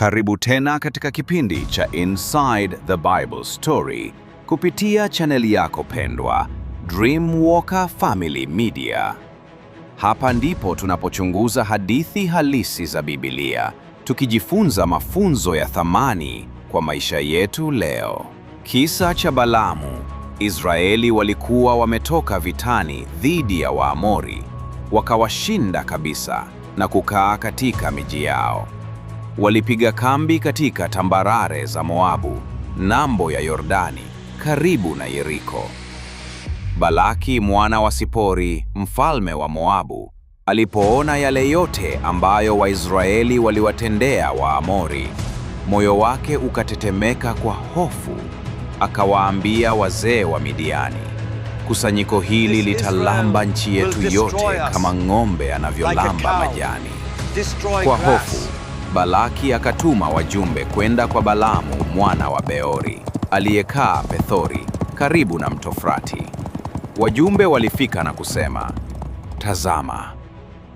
Karibu tena katika kipindi cha Inside the Bible Story kupitia chaneli yako pendwa Dreamwalker Family Media. Hapa ndipo tunapochunguza hadithi halisi za Biblia, tukijifunza mafunzo ya thamani kwa maisha yetu leo. Kisa cha Balaamu. Israeli walikuwa wametoka vitani dhidi ya Waamori, wakawashinda kabisa na kukaa katika miji yao walipiga kambi katika tambarare za Moabu, nambo ya Yordani, karibu na Yeriko. Balaki mwana wa Sipori, mfalme wa Moabu, alipoona yale yote ambayo Waisraeli waliwatendea Waamori, moyo wake ukatetemeka kwa hofu. Akawaambia wazee wa Midiani, kusanyiko hili litalamba nchi yetu yote kama ng'ombe anavyolamba majani. Kwa hofu Balaki akatuma wajumbe kwenda kwa Balaamu mwana wa Beori aliyekaa Pethori karibu na mto Frati. Wajumbe walifika na kusema, tazama,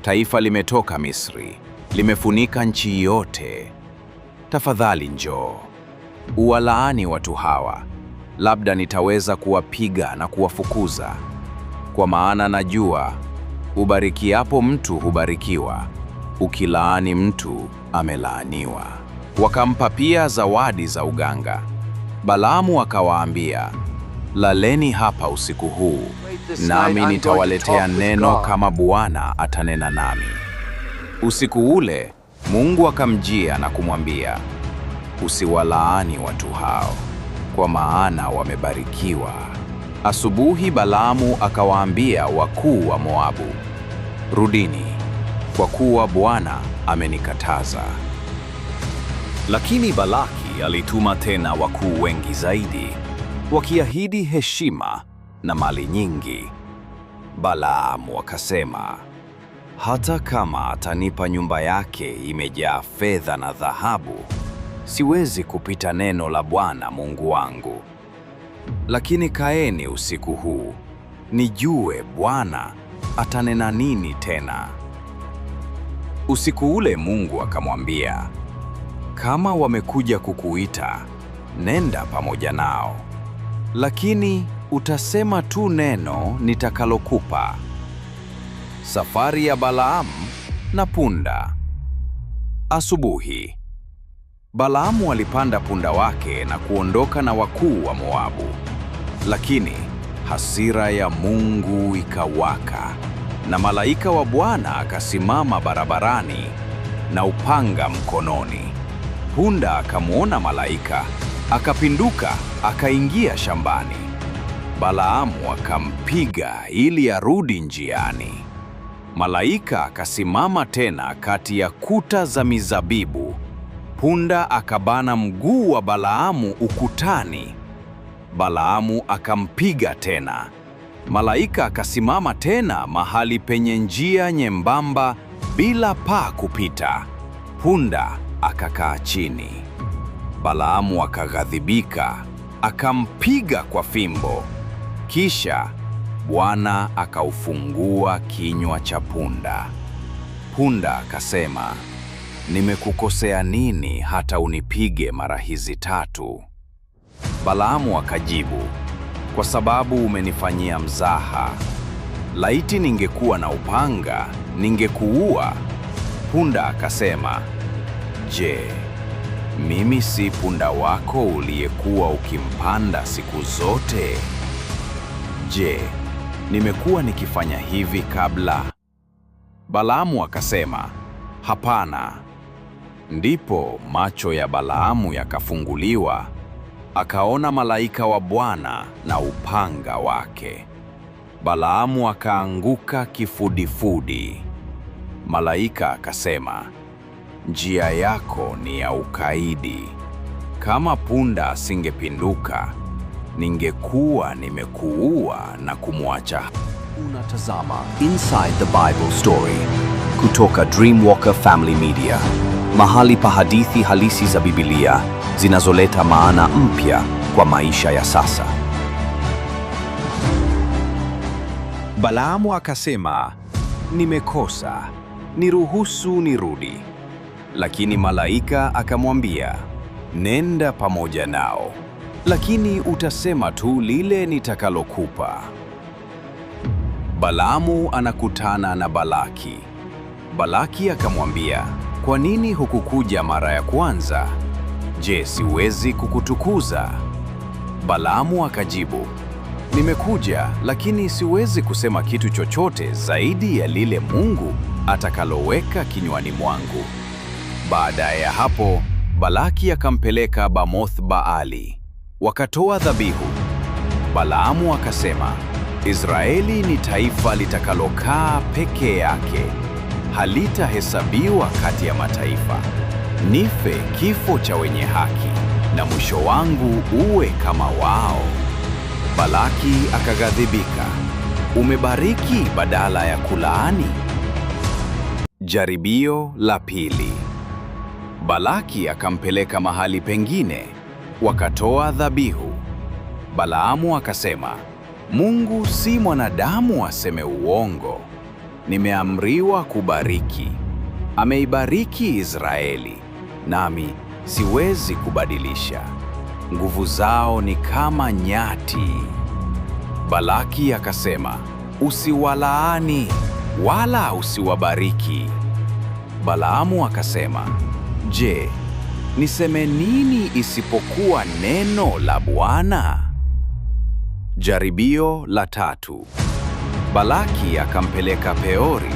taifa limetoka Misri, limefunika nchi yote. Tafadhali njoo uwalaani watu hawa, labda nitaweza kuwapiga na kuwafukuza, kwa maana najua ubarikiapo mtu hubarikiwa ukilaani mtu amelaaniwa. Wakampa pia zawadi za uganga. Balaamu akawaambia, laleni hapa usiku huu, nami nitawaletea neno kama Bwana atanena nami. Usiku ule Mungu akamjia na kumwambia, usiwalaani watu hao, kwa maana wamebarikiwa. Asubuhi Balaamu akawaambia wakuu wa Moabu, rudini kwa kuwa Bwana amenikataza. Lakini Balaki alituma tena wakuu wengi zaidi, wakiahidi heshima na mali nyingi. Balaamu akasema, hata kama atanipa nyumba yake imejaa fedha na dhahabu, siwezi kupita neno la Bwana Mungu wangu. Lakini kaeni usiku huu, nijue Bwana atanena nini tena. Usiku ule Mungu akamwambia, kama wamekuja kukuita, nenda pamoja nao, lakini utasema tu neno nitakalokupa. Safari ya Balaamu na punda. Asubuhi Balaamu alipanda punda wake na kuondoka na wakuu wa Moabu, lakini hasira ya Mungu ikawaka na malaika wa Bwana akasimama barabarani na upanga mkononi. Punda akamwona malaika, akapinduka, akaingia shambani. Balaamu akampiga ili arudi njiani. Malaika akasimama tena kati ya kuta za mizabibu. Punda akabana mguu wa Balaamu ukutani. Balaamu akampiga tena. Malaika akasimama tena mahali penye njia nyembamba bila paa kupita. Punda akakaa chini. Balaamu akaghadhibika, akampiga kwa fimbo. Kisha Bwana akaufungua kinywa cha punda. Punda akasema, nimekukosea nini hata unipige mara hizi tatu? Balaamu akajibu, kwa sababu umenifanyia mzaha. Laiti ningekuwa na upanga, ningekuua. Punda akasema, Je, mimi si punda wako uliyekuwa ukimpanda siku zote? Je, nimekuwa nikifanya hivi kabla? Balaamu akasema, Hapana. Ndipo macho ya Balaamu yakafunguliwa akaona malaika wa Bwana na upanga wake. Balaamu akaanguka kifudifudi. Malaika akasema, njia yako ni ya ukaidi. Kama punda asingepinduka, ningekuwa nimekuua na kumwacha. Unatazama Inside the Bible Story kutoka Dreamwalker Family Media mahali pa hadithi halisi za Biblia zinazoleta maana mpya kwa maisha ya sasa. Balaamu akasema, nimekosa, niruhusu nirudi. Lakini malaika akamwambia, nenda pamoja nao, lakini utasema tu lile nitakalokupa. Balaamu anakutana na Balaki. Balaki akamwambia kwa nini hukukuja mara ya kwanza? Je, siwezi kukutukuza? Balaamu akajibu, nimekuja lakini siwezi kusema kitu chochote zaidi ya lile Mungu atakaloweka kinywani mwangu. Baada ya hapo, Balaki akampeleka Bamoth Baali, wakatoa dhabihu. Balaamu akasema, Israeli ni taifa litakalokaa peke yake halitahesabiwa kati ya mataifa. Nife kifo cha wenye haki, na mwisho wangu uwe kama wao. Balaki akaghadhibika. Umebariki badala ya kulaani. Jaribio la pili. Balaki akampeleka mahali pengine, wakatoa dhabihu. Balaamu akasema, Mungu si mwanadamu aseme uongo nimeamriwa kubariki. Ameibariki Israeli, nami siwezi kubadilisha. Nguvu zao ni kama nyati. Balaki akasema, usiwalaani wala usiwabariki. Balaamu akasema, je, niseme nini isipokuwa neno la Bwana? Jaribio la tatu. Balaki akampeleka Peori,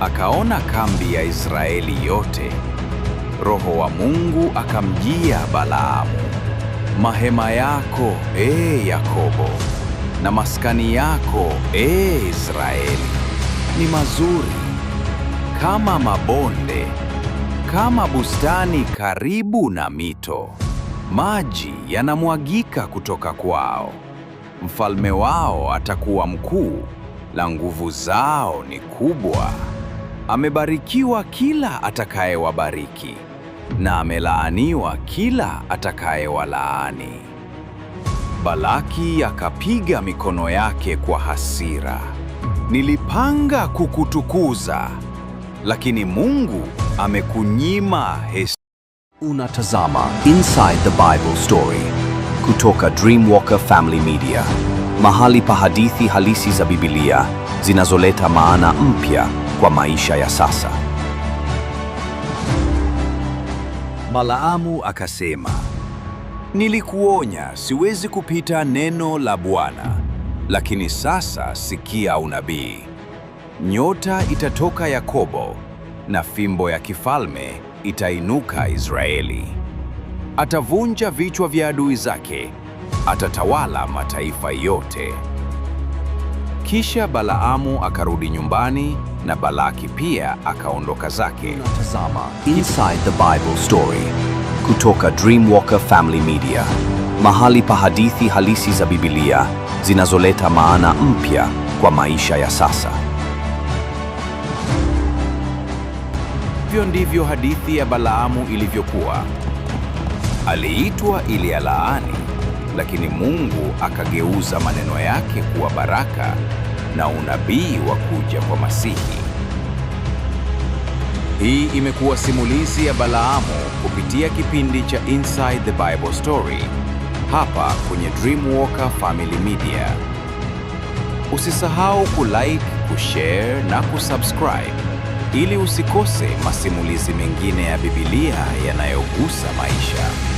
akaona kambi ya Israeli yote. Roho wa Mungu akamjia Balaamu, mahema yako ee Yakobo, na maskani yako ee Israeli ni mazuri kama mabonde, kama bustani karibu na mito. Maji yanamwagika kutoka kwao, mfalme wao atakuwa mkuu la nguvu zao ni kubwa. Amebarikiwa kila atakayewabariki na amelaaniwa kila atakayewalaani. Balaki akapiga mikono yake kwa hasira. Nilipanga kukutukuza, lakini Mungu amekunyima heshima. Unatazama Inside the Bible Story kutoka Dreamwalker Family Media mahali pa hadithi halisi za Biblia zinazoleta maana mpya kwa maisha ya sasa. Balaamu akasema, nilikuonya siwezi kupita neno la Bwana, lakini sasa sikia unabii. Nyota itatoka Yakobo na fimbo ya kifalme itainuka Israeli. Atavunja vichwa vya adui zake atatawala mataifa yote. Kisha Balaamu akarudi nyumbani na Balaki pia akaondoka zake. Tazama Inside the Bible Story kutoka Dreamwalker Family Media, mahali pa hadithi halisi za Biblia zinazoleta maana mpya kwa maisha ya sasa. Hivyo ndivyo hadithi ya Balaamu ilivyokuwa. Aliitwa ili alaani lakini Mungu akageuza maneno yake kuwa baraka na unabii wa kuja kwa Masihi. Hii imekuwa simulizi ya Balaamu kupitia kipindi cha Inside the Bible Story hapa kwenye Dreamwalker Family Media. Usisahau kulike, kushare na kusubscribe ili usikose masimulizi mengine ya Biblia yanayogusa maisha.